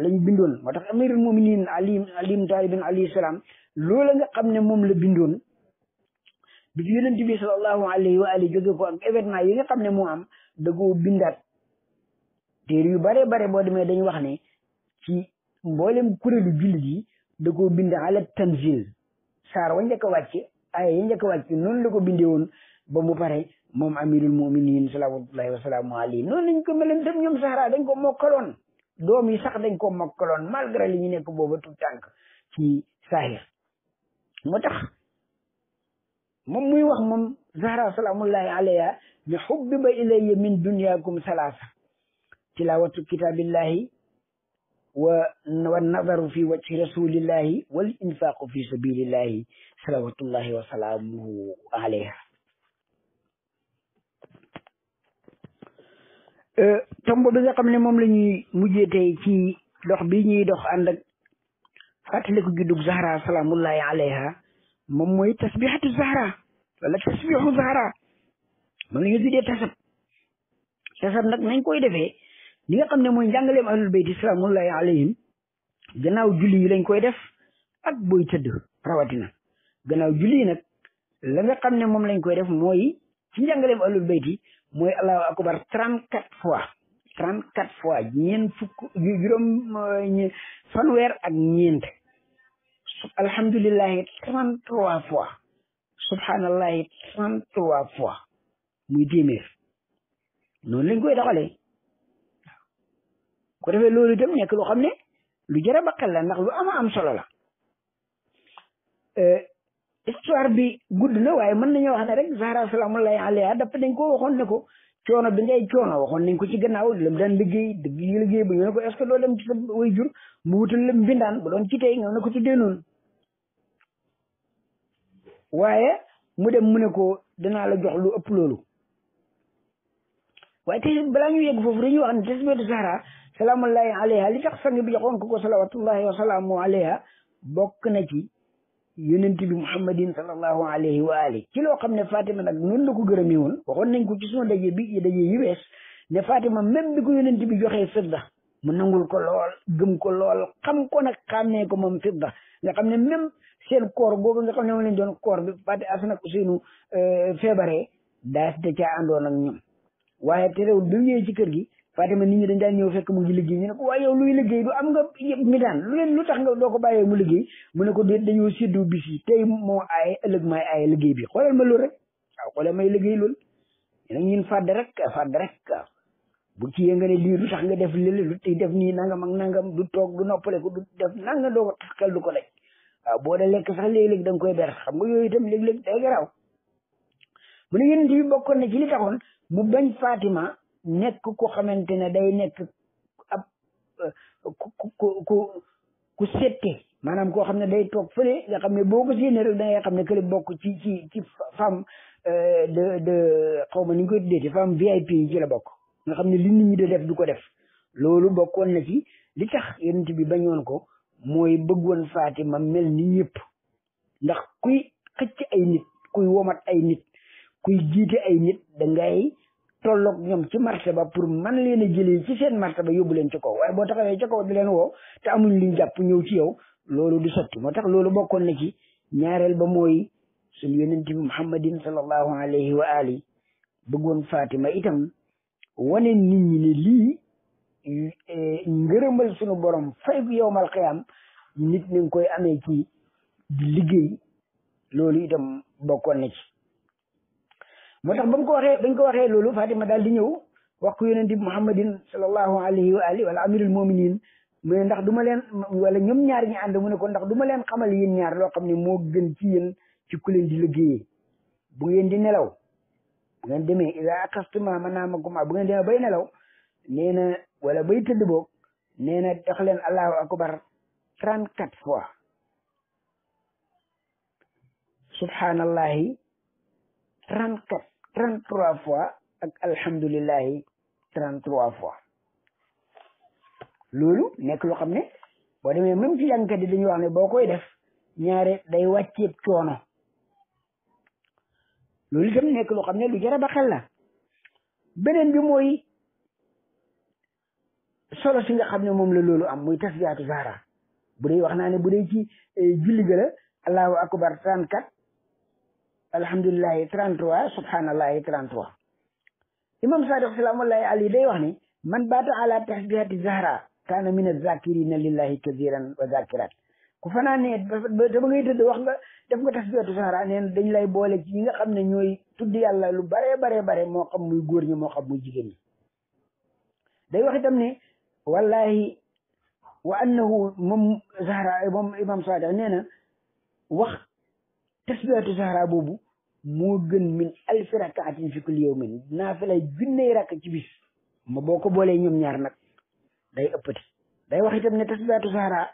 lañ bindoon moo tax amirul muminin ali alim taalibin alayhi salaam loola nga xam ne moom la bindoon bi fi yonent bi sallallahu alayhi wa ali jóge ko ak événement yi nga xam ne moo am dagoo bindaat téer yu bare bare boo demee dañu wax ne ci mboolem kuréelu jullit yi dagoo bind ala tanzil saar wa njëkk a wàcce aaya yi njëkk a wàcce noonu la ko bindee woon ba mu pare moom amirul muminin salawatullahi wasalaamu alayhi noonu lañ ko meloon tam ñoom Sahara dañ ko mokkaloon doom yi sax dañ ko mokkaloon malgré li ñu nekk booba tout tànk ci saahir moo tax moom muy wax moom Zahra salaamullahi alayha ne xubbiba ilayya min duniyaakum salaasa tilawatu kitabillahi wa nazaru fi wajhi rasulillahi wal infaqu fi sabilillahi salawatullahi wa salaamuhu alayha tomb bi nga xam ne moom la ñuy mujjee tey ci dox bi ñuy dox ànd ak fàttaliku juddug Zahra salaamullahi alayha moom mooy tasbihatu Zahra wala tasbihu Zahra moom la ñu tuddee tasab tasab nag nañ koy defee li nga xam ne mooy njàngaleem ahlul bayti salaamullahi alayhim gannaaw julli yi lañ koy def ak booy tëdd rawatina gannaaw julli yi nag la nga xam ne moom lañ koy def mooy ci njàngaleem ahlul bayti moy allahu akbar trente quatre fois trente quatre fois ñeent fukk juróom fanweer ak ñeent alhamdulillahi trente trois fois subhanallahi trente trois fois muy téeméer noonu lañ koy doxalee bu ko defee loolu itam nekk loo xam ne lu jar a ba xel la ndax lu ama am solo la euh, histoire bi gudd na waaye mën nañoo wax ne rek Zahra salaamullahi alayha dafa dañ ko waxoon ne ko coono bi ngay coono waxoon nañ ko ci gannaaw lam daan liggéey dëgg yi liggéey ba ñu ne ko est ce que doo dem ci sa way jur mu wutal la mbindaan bu doon ci tey nga ne ko tuddee noonu waaye mu dem mu ne ko danaa la jox lu ëpp loolu waaye tey balaa ñu yegg foofu dañuy salaamullahi alayha li tax sang bi joxoon ko ko salawatullahi wa salaamu alayha bokk na ci yonent bi muhammadin sallallahu alayhi wa ali ci loo xam ne Fatima nag noonu la ko gërëmee woon waxoon nañ ko ci sunu daje bi daje yi wees ne Fatima même bi ko yonent bi joxee fidda mu nangul ko lool gëm ko lool xam ko nag xàmmee ko moom fidda nga xam ne même seen koor googu nga xam ne moom lañ doon koor bi Faati Asan ak Useynu euh, feebaree daas da caa àndoon ak ñoom waaye terewul bi ci kër gi waaye ma nit ñi dañ daan ñëw fekk mu ngi liggéey ñu ne ko waaye luy liggéey du am nga mi daan lu leen lu tax nga doo ko bàyyee mu liggéey mu ne ko déet dañoo séddu bis yi tey moo aaye ëllëg maay liggéey bi xoolal ma loolu rek waaw liggéey loolu nag ñun fàdd rek fàdd rek waaw bu kiyee nga ne lii lu tax nga def lële lu tey def nii nangam ak nangam du toog du noppale ko du def nangam doo ko taxkal du ko daj waaw boo da lekk sax léeg-léeg da nga koy ber xam nga yooyu itam léeg-léeg day garaaw mu ne yéen bi bokkoon na ci li taxoon mu bañ Fatima nekk ku xamante ne day nekk ab eh, ku ku ku ku sette maanaam koo xam ne day toog fële nga xam ne boo ko séenee da ngay xam ne kële bokk ci ci ci eh, xaw ma ni ñu koy tuddee ci femme VIP yi ci la bokk nga xam ne li nit ñi def du ko def loolu bokkoon na ci li tax yonent bi bañoon ko mooy bëggoon Fatima mel ni ñëpp ndax kuy xëcc ay nit kuy womat ay nit kuy jiite ay nit da ngay tolloog ñoom ci marché ba pour man leen a jëlee ci seen marché ba yóbbu leen ci kaw waaye boo taxawee ci kaw di leen woo te amuñ liñ jàpp ñëw ci yow loolu du sotti moo tax loolu bokkoon na ci ñaareel ba mooy suñu yonent bi muhammadin sallallahu alayhi wa ali bëggoon Fatima itam wane nit ñi ne lii e, ngërëmal suñu borom fay bu yowmal xiyaam nit ñi koy amee ci di liggéey loolu itam bokkoon na ci moo tax ba mu ko waxee bañ ko waxee loolu Fatima daal di ñëw wax ko yonent bi Muhammadin sallallahu alayhi wa alihi wala amirul muminin mu ndax du ma leen wala ñoom ñaar ñi ànd ne ko ndax duma ma leen xamal yéen ñaar loo xam ne moo gën ci yéen ci ku leen di liggéeyee bu ngeen di nelaw bu ngeen demee ila akastuma manaamakum bu ngeen demee bay nelaw nee wala bay tëdd boog nee na leen allahu akbar trente quatre fois subhanallahi trente quatre trente trois fois ak alhamdulillahi trente trois fois loolu nekk loo xam ne boo demee même ci jàngkat yi dañuy wax ne boo koy def ñaare day wàcceeb coono loolu itam nekk loo xam ne lu jar a ba la beneen bi mooy solo si nga xam ne moom la loolu am muy tasbiyaatu zahra bu dee wax naa ne bu dee ci eh, julli ga la allahu akbar trente quatre alhamdulilahi 33 subhanallahi 33 imam sadiq salaamullahi ali day wax ni man baata ala tasbihati zahra kaana min azakirina lillahi kathiran wa zakirat ku fanaanee te ba ngay tëdd wax nga def nga tasbihatu zahra neen dañ lay boole ci ñi nga xam ne ñooy tudd yàlla lu baree baree bare moo xam muy góor ñi moo xam muy jigéen ñi day wax itam ne wallahi wa annahu moom zahra moom imam sadiq nee na wax tasbiihatu sahara boobu moo gën min alfi rakaatin fi kulli yawmin naafilay junney rakk ci bis ma boo ko boolee ñoom ñaar nag day ëppati day wax itam ne tasbiihatu sahara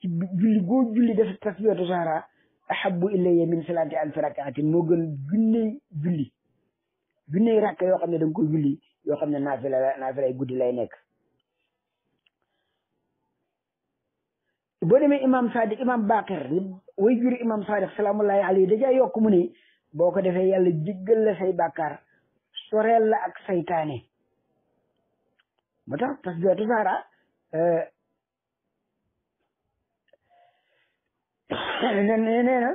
ci julli goo julli def tasbiihatu sahara ahabbu ilayya min salaati alfi rakaatin moo gën junney julli junney rakk yoo xam ne da nga julli yoo xam ne naafila la naafilay guddi lay nekk boo demee imam Sadiq imam Baqir way juri imam Saadiq salaamullahi alayhi dajaa yokk mu ne boo ko defee yàlla jéggal la say bàkkaar soreel la ak saytaane moo tax parce que tasaara nee na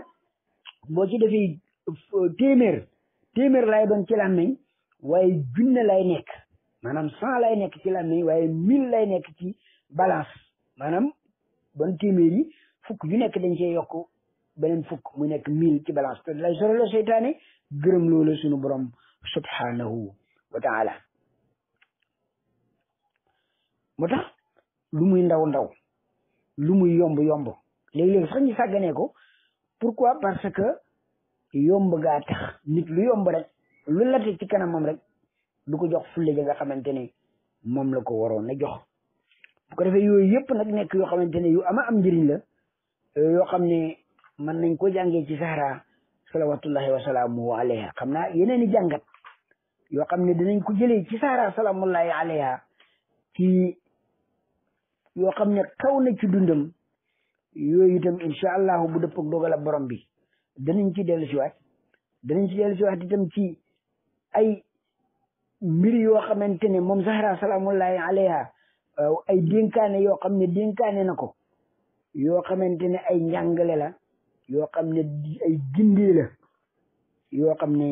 boo ci defee euh, téeméer lay doon ci làmmiñ waaye junne lay nekk maanaam cent lay nekk ci làmmiñ waaye mille lay nekk ci balance maanaam ban téeméer yi fukk ju nekk dañ cee yokk beneen fukk mu nekk mille ci balance te lay sore la seytaane gërëm loolu suñu borom subhanahu wa taala moo tax lu muy ndaw ndaw lu muy yomb yomb léeg-léeg sax ñu sàgganee ko pourquoi parce que yomb gaa tax nit lu yomb rek lu late ci kanamam rek du ko jox fulle ja nga xamante ne moom la ko waroon na jox bu ko defee yooyu yëpp nag nekk yoo xamante ne yu ama am njëriñ la yoo xam mën nañ ko jàngee ci Zahra salawatullahi wa salaamuhu alayha xam naa yeneen i jàngat yoo xam ne dinañ ko jëlee ci Zahra salaamullahi alayha ci yoo xam ne kaw na ci dundam yooyu itam incha allahu bu dëpp ak dogal borom bi danañ ci dellu si waat danañ ci dellu si waat itam ci ay mbir yoo xamante ne moom Zahra salaamullahi alayha euh, ay dénkaane yoo xam ne dénkaane na ko yoo xamante ne ay njàngale la yoo xam ne ay gindi yoo xam ne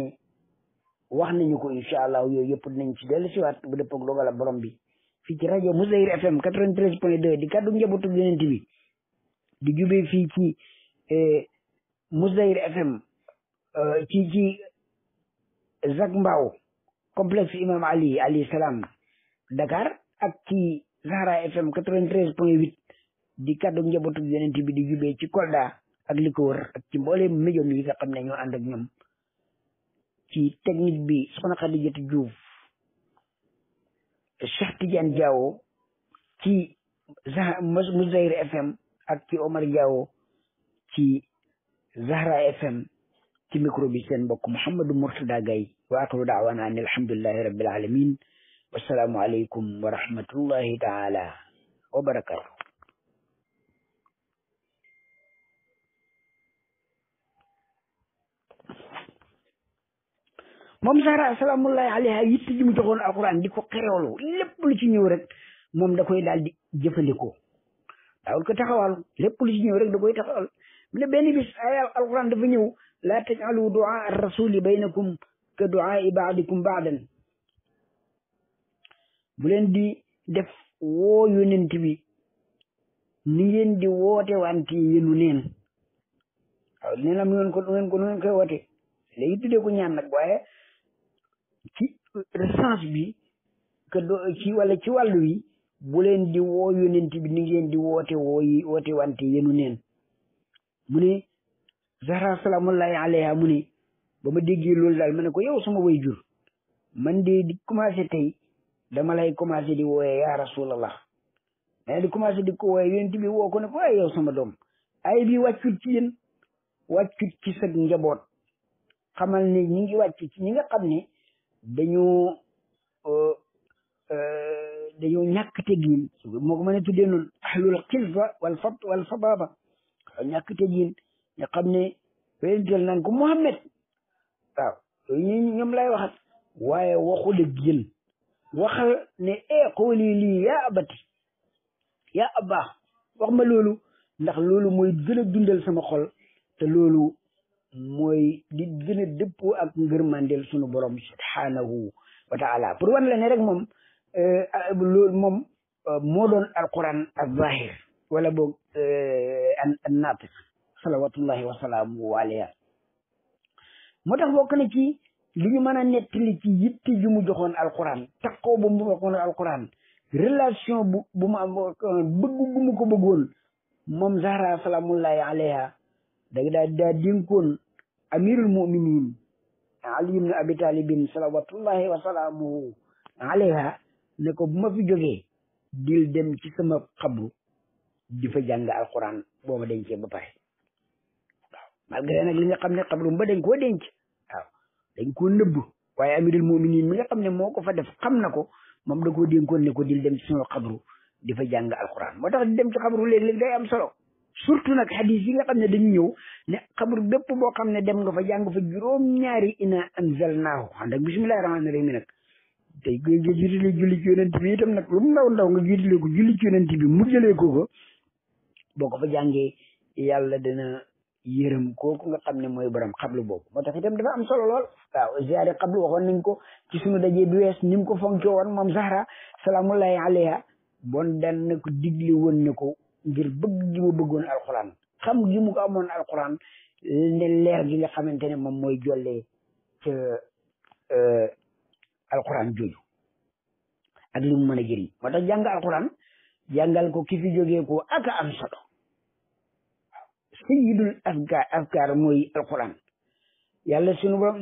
wax nañu ko incha allah yooyu yëpp nañ ci dellu siwaat bu dëppoo ak dogal borom bi fii ci rajo Mousdahir FM 93.2 di kaddu njabootu yonent bi di jubee fii ci eh, Mousdahir FM eh, ci ci Zac Mbao complexe imam Ali alayhi salaam Dakar ak ci Zahra FM 93.8 di kaddu njabootu yonent bi di jubee ci Kolda. ak li ko wër ak ci mbooleem médium yi nga xam ne ñoo ànd ak ñoom ci technique bi soxna Xadijatu Diouf Cheikh Tidiane Diawo ci Mouzayir FM ak ci Omar Diawo ci Zahra FM ci micro bi seen mbokk Mouhamadou Mourtada Gaye wa aaxiru da'waana an alhamdulillahi rabbil alamin wassalaamu aleykum wa rahmatullahi taala wa barakatu moom Zahra salaamullahi alayha yitt ji mu joxoon alquran di ko xeewlu lépp lu ci ñëw rek moom da koy daal di jëfandikoo daawul ko taxawal lépp lu ci ñëw rek da koy taxawal ne benn bis aya alquran dafa ñëw laa tajalu duaa rasuli baynakum ka duaa baadikum baadan bu leen di def woo yonent bi ni ngeen di woote wante yenu neen waaw neenam yoon ko ngeen ko ngeen koy woote léegi tuddee ko ñaan nag waaye rechange bi que ci walla ci wàllu wi bu leen di woo yonent bi ni ngeen di woote woo yi woote wante yenu neen mu ne Zahra salaamullahi alayha mu ne ba ma déggee loolu daal ma ne ko yow sama way jur man de di commencé tey dama lay commencé di wooyee yaa rasulallah mais di commencé di ko wooyee yonent bi woo ko ne ko ay yow sama doom ay bi wàccut ci yéen wàccut ci sa njaboot xamal ni ñi ngi wàcc ci ñi nga xam ne dañoo euh, euh, dañoo ñàkk teggin moo ko mën a tuddee noonu ahlul xilfa wal fat wal fababa ñàkk teggin nga xam ne wéyintel naan ko Muhammad waaw ñu ñoom lay waxat waaye waxu dëgg jël waxal ne e eh, xoolii lii abati yaa abaa wax ma loolu ndax loolu mooy gën a dundal sama xol te loolu mooy di gën a dëppoo ak ngërmandeel sunu borom subhaanahu wa taala pour wan la ne rek moom euh, loolu moom euh, moo doon alquran az-zahir wala boog euh, an naatiq salawatullahi wa salaamu alayha moo tax ci li ñu mën ci yitte ju mu joxoon alquran takkoo bu mu joxoon relation bu bu mu am bëggu bu mu ko bëggoon moom da daa amirul muminin ali ibn abi talibin salawatullahi wa salaamuhu alayha ne ko bu ma fi jógee dil dem ci sama xabru di fa jàng alquran booba dencee ba pare waaw malgré nag nga xam ne xabru ba dañ koo denc dañ koo nëbb waaye amirul muminin mi nga xam ne moo ko fa def xam na ko moom da koo dénkoon ne ko dil dem ci sama xabru di fa jàng alquran moo tax dem ci xabru léeg-léeg day am solo surtout nag xadis yi nga xam ne dañu ñëw ne xabru bépp boo xam ne dem nga fa jàng fa juróom-ñaari ina anzalnaahu ànd ak bismillahi rahmaani rahim nag te g nga jiitale julli ci itam nag lu mu ndaw ndaw nga jiitale ko julli ci mu jëlee ko ko boo ko fa jàngee yàlla dana yërëm kooku nga xam ne mooy borom xablu boobu moo tax itam dafa am solo lool waaw ziare xablu waxoon nañ ko ci suñu dajee bi wees ni ko fonke woon moom Zahra salaamullahi alayha bon daan na ko digle woon ne ko ngir bëgg gi mu bëggoon alquran xam gi mu amoon alquran ne leer gi nga xamante ne moom mooy jollee ca e, alquran jooju ak li mu mën a jëriñ moo tax jàng ko ki fi jógee ko ak am solo sayyidul afkar afkar mooy alquran yàlla sunu borom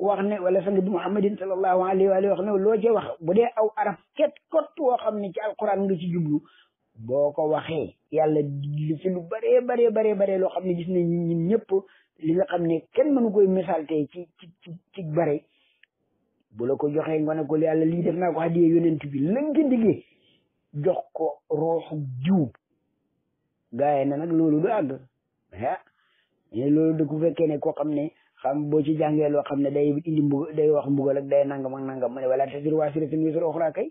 wax ne wala sang bi muhammadin sallallahu alayhi wax ne loo ca wax bu dee aw arab ket kot woo xam ne ci alquran nga ci jublu boo ko waxee yàlla li fi lu baree baree baree loo xam ne gis nañ ñun ñëpp li nga xam ne kenn mënu koy misaal tey ci ci ci ci ko joxee nga ne ko yàlla lii def naa ko xadiyee yonent bi lañ ko diggee jox ko rooxu jiw gars yi na nag loolu du àgg ah mais ku fekkee ne koo xam ne xam boo ci jàngee loo xam ne day indi mbug day wax mbugal ak day nangam ak nangam ma ne wala tasir waasiratin wisra uxra kay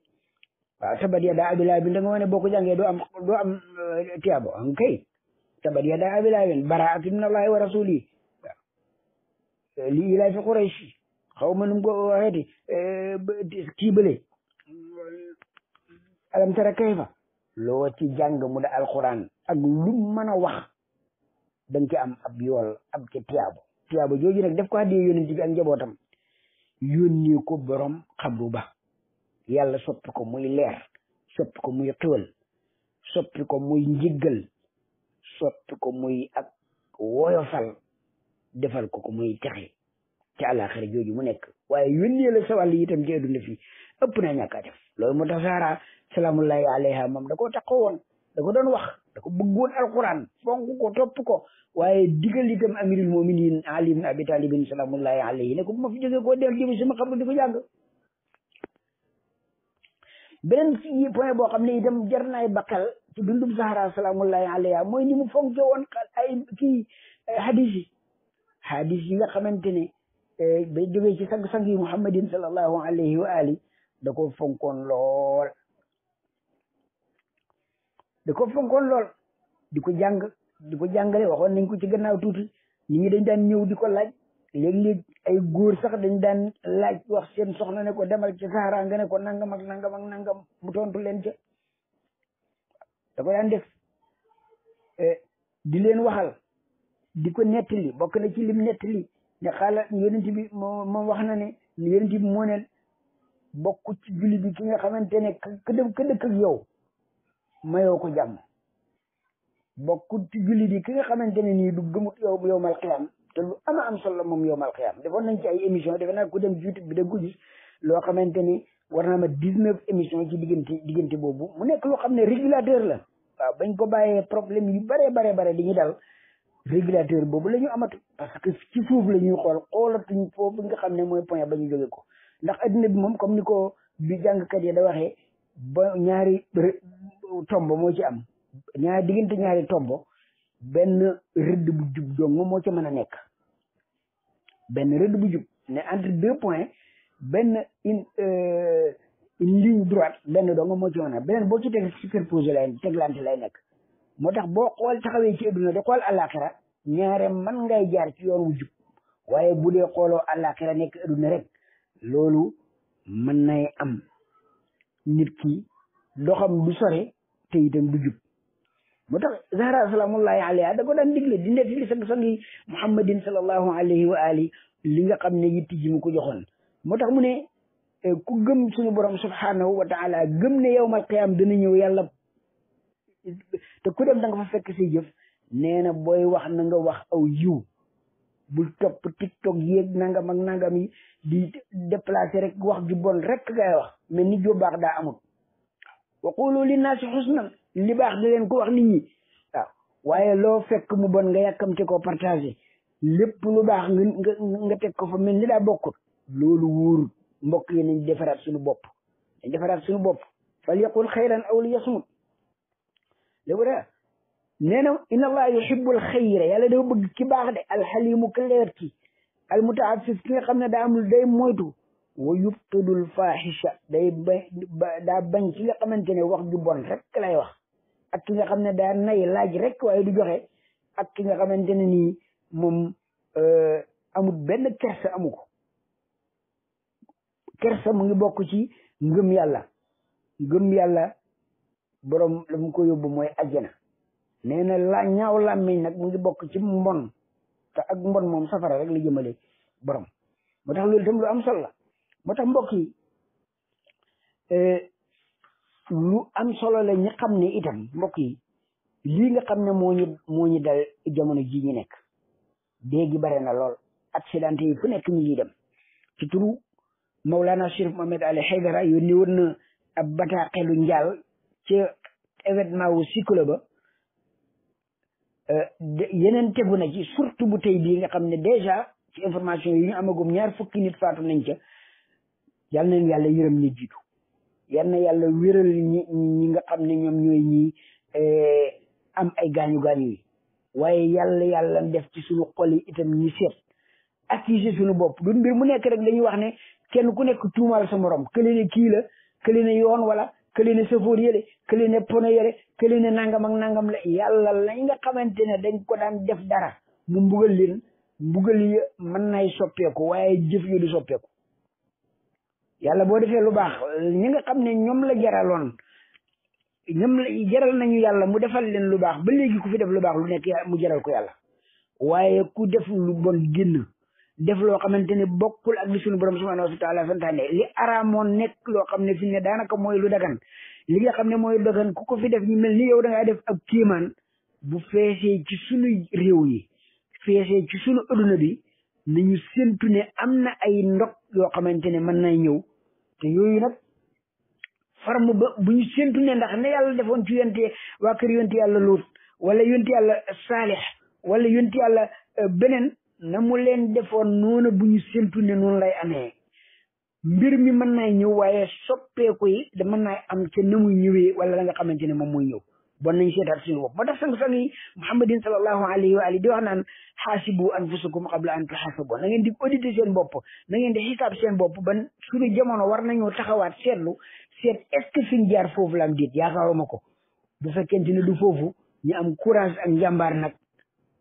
waaw tabat yadaa abii lahabin da nga wane boo ko jàngee doo am tiyaabo am eh, kay tabat yadaa abii lahabin baraatun min allahi wa rasuli waaw eh, li ilaafi quraysh xaw ma nu mu ko waxeeti eh, kii bële alam ci jàng mu da alquran ak lu mën a wax da nga am ab yool ab ci tiyaabo tiyaabo jooju nag def ko addiyee yonent bi ak njabootam yónnee ko borom xabru yàlla soppi ko muy leer soppi ko muy xiwal soppi ko muy njiggal soppi ko muy ak woyofal defal ko ko muy texe ci a jooju mu nekk waaye yónnee la sa yi itam ci adduna fi ëpp naa ñàkk a def loolu moo tax Saara salaamullahi alayha moom da koo taxaw woon da ko doon wax da ko bëggoon alquran fonk ko topp ko waaye digal itam amirul muminin Ali ibn Abi Talibin salaamullahi alayhi ne ko bu ma fi jógee koo def jëm sama xam di ko jàng beneen fii point boo xam ne itam jar naay baqel ci dundum Zahra salaamullahi alayha mooy ni mu fonke woon ay kii eh, hadis yi hadis yi nga xamante ne eh, bay jógee ci sang-sang yi Muhammadin sallallahu alayhi wa ali da ko fonkoon lool da ko fonkoon lool di ko jàng di ko jàngale waxoon nañ ko ci gannaaw tuuti nit ñi dañ dan ñëw di ko laaj léeg-léeg ay góor sax dañ daan laaj wax seen soxna ne ko demal ci saara nga ko nangam ak nangam ak nangam bu tontu leen ca da ko daan def eh, di leen waxal di ko nettali bokk na ci lim nettali ne xaala yonent bi moom wax na ne yonent bi moo ne bokk ci julli bi ki nga xamante ne ka dëkk yow mayoo ko jàmm bokk ci julli bi ki nga xamante ne nii du gëmut yow yow mal xiyaam te lu ama am solo moom yowmal xiyaam defoon nañ ci ay émission defe naa ku dem youtube bi da ko gis loo xamante ni war naa ma dix-neuf émission ci diggante diggante boobu mu nekk loo xam ne régulateur la waaw bañ ko bàyyee problème yu bare bare bare di ñu dal régulateur boobu la ñu amatu parce que ci suuf la ñuy xool xoolatuñ foofu nga xam ne mooy point ba ñu jóge ko ndax adduna bi moom comme ni ko bi jàngkat yi da waxee ba ñaari tombo moo ci am ñaari diggante ñaari tombo benn rëdd bu jub dong moo ci mën a nekk benn rëdd bu jub ne entre deux points benn une euh, une ligne droite benn doo nga moo ci woon beneen boo ci teg superposé lay teglante lay nekk moo tax boo xool taxawee ci adduna di xool àllaaxira ñaare man ngay jaar ci yoon wu jub waaye bu dee xooloo àllaaxira nekk adduna rek loolu mën nay am nit ki doxam du sore te itam du moo tax Zahra salaamullahi alayha da ko daan digle di nekk li sang sang yi Muhammadin sallallahu alayhi wa ali li nga xam ne yitti ji mu ko joxoon moo tax mu ne eh, ku gëm suñu borom subhanahu wa taala gëm ne yawmal qiyaam dana ñëw yàlla te ku dem da nga fa fekk say jëf nee na booy wax na nga wax aw yiw bul topp tiktok yeeg nangam ak nangam yi di déplacé rek wax ju bon rek ngay wax mais ni ju baax daa amut wa qulu linnaasi xusnan li baax di leen ko wax nit ñi waaye loo fekk mu bon nga yàkkamti ko partagé lépp lu baax nga nga teg ko fa mel ni daa bokkul loolu wóorul mbokk yi nañ defaraat suñu bopp nañ defaraat suñu bopp fal yaqul xayran aw li yasmut lébu da nee na inna allaha yuhibbul xayra yàlla dafa bëgg ki baax de alxalimu ka leer ki almutaafif ki nga xam ne daa amul day moytu wa yubtidul faaxisha day ba daa bañ ki nga xamante wax ju bon rek lay wax ak ki nga xam ne daa nay laaj rek waaye du joxe ak ki nga xamante ne nii moom euh, amut benn kersa amu ko kersa mu ngi bokk ci ngëm yàlla ngëm yàlla boroom la mu ko yóbbu mooy ajjana nee na la ñaaw làmmiñ nag mu ngi bokk ci mbon te ak mbon moom safara rek la jëmale boroom moo tax loolu tam lu am solo la moo tax mbokk yi euh, lu am solo la ñi xam ne itam mbokk yi lii nga xam ne moo ñu moo dal jamono ji ñu nekk dee gi bare na lool accident yi fu nekk ñi ngi dem ci turu Maulana Chérif Mohamed Ali Haydara yónni woon na ab bataaxelu njaal ci événement wu ba euh, yeneen tegu na ci surtout bu tey bii nga xam ne dèjà ci information yi ñu ñaar fukki nit faatu nañ ca yàlla nañ yàlla yërëm nit jiitu yal na yàlla wéral ñi ñi nga xam ne ñoom ñooy eh, am ay gaañu gaañu yi waaye yàlla yàlla def ci suñu xol yi itam ñi seet accuser suñu bopp du mbir mu nekk rek dañuy wax ne kenn ku nekk tuumaal sa morom kële kii la kële ne yoon wala kële ne safoor yële kële ne pono yële kële ne nangam ak nangam la yàlla lañ nga xamante ne dañ ko daan def dara mu mbugal leen mbugal yi mën nay soppeeku waaye jëf yi du yàlla boo defee lu baax ñi nga xam ne ñoom la jaraloon ñoom la jaral nañu yàlla mu defal leen lu baax ba léegi ku fi def lu baax lu nekk mu jaral ko yàlla waaye ku def lu bon génn def loo xamante ne bokkul ak li suñu borom subhanahu wa taala santaane li araamoon nekk loo xam ne fi ne daanaka mooy lu dagan li nga xam ne mooy dagan ku ko fi def ñu mel ni yow da def ak kéemaan bu feesee ci suñu réew yi feesee ci sunu adduna bi nañu séntu ne am na ay ndog yoo xamante ne mën na ñëw te yooyu nag farme ba bu ñu séntu ne ndax ne yàlla defoon ci yonte waa kër yàlla Luut wala yonte yàlla Saalix wala yonte yàlla euh, beneen na mu leen defoon noonu bu ñu séntu ne noonu lay amee mbir mi mën naa ñëw waaye soppeeku yi da mën naa am ca na mu ñëwee wala la nga xamante ne moom mooy ñëw bon nañ seetaat suñu bopp moo tax sang-sang yi muhammadin sallallahu alayhi wa alihi di wax naan xaasibu anfusakum qabla an tuxaasabu na ngeen di auditer seen bopp na ngeen di xisaab seen bopp ban suñu jamono war nañoo taxawaat seetlu seet est-ce jaar foofu la am déet yaakaaruma ko bu fekkente du foofu ñu am courage ak njàmbaar nag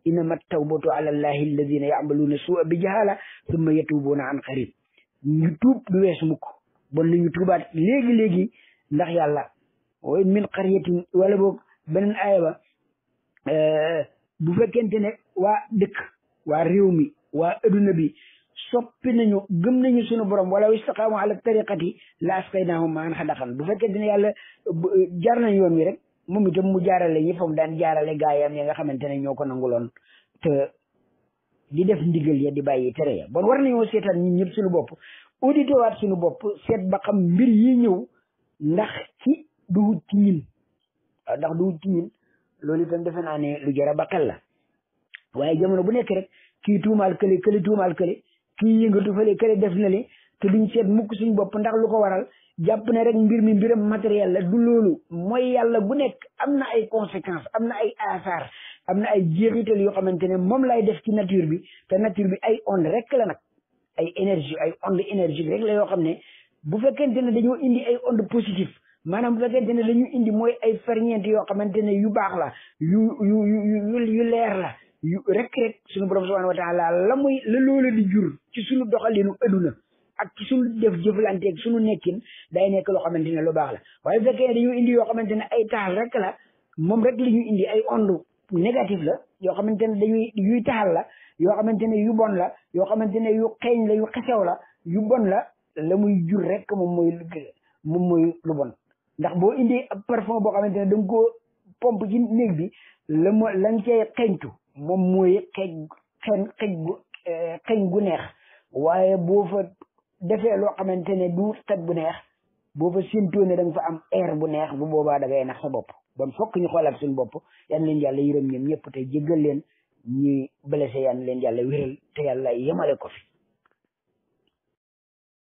innama tawbatu ala allahi alladina yamaluuna suua bi jahala summa yatubuuna an qarib ñu tuub du wees mukk bon nañu tuubaat léegi-léegi ndax yàlla wa in min qaryatin wala boog beneen aaya ba eh, bu fekkente ne waa dëkk waa réew mi waa adduna bi soppi nañu gëm nañu suñu borom wala istaqaamu ala tariqati la asqaynaahum maan xadaqan bu fekkente ne yàlla jaar nañ yoon wi rek moom itam mu jaarale ñi fam daan jaarale gaayam ya nga xamante ne ñoo ko nanguloon te di def ndigal ya di bàyyi tere ya bon war nañoo seetaan ñun ñëpp suñu bopp audité waat suñu bopp seet ba xam mbir yi ñëw ndax ci duwut ci Euh, ndax du tiil loolu itam defe naa ne lu jar a ba xel la waaye jamono bu nekk rek kii tuumaal kële kële tuumaal kële kii yëngatu fële kële def na li te duñ seet mukk suñ bopp ndax lu ko waral jàpp na rek mbir mi mbiram matériel la du loolu mooy yàlla bu nekk am na ay conséquences am na ay asaar am na ay jeexital yoo xamante ne moom lay def ci nature bi te nature bi ay onde rek la nag ay énergie ay onde énergie rek la yoo xam ne bu fekkente ne dañoo indi ay onde positif maanaam la ngeen ne la indi mooy ay ferñeent yoo xamante ne yu baax la yu yu yu yu leer la yu rek rek suñu borom subhanahu wa taala la muy la loola di jur ci suñu doxalinu aduna ak ci suñu def jëflante ak suñu nekkin day nekk loo xamante ne lu baax la waaye bu fekkee ne dañu indi yoo xamante ne ay taal rek la moom rek li ñu indi ay onde négative la yoo xamante ne dañuy yuy taal la yoo xamante ne yu bon la yoo xamante ne yu xeeñ la yu xesew la yu bon la la muy jur rek moom mooy moom mooy lu bon ndax boo indee ab parfum boo xamante ne da nga koo pompe ci néeg bi la mo lañ cay xeñtu moom mooy xeej xen xeej eh, gu neex waaye boo fa defee loo xamante ne du taj bu neex boo fa séntoo ne da nga fa am air bu neex bu boobaa da ngay nax sa bopp bon fokk ñu xoolaat suñu bopp yan leen yàlla yërëm ñoom ñëpp te jéggal leen ñi blessé yan leen yàlla wéral te yàlla yemale ko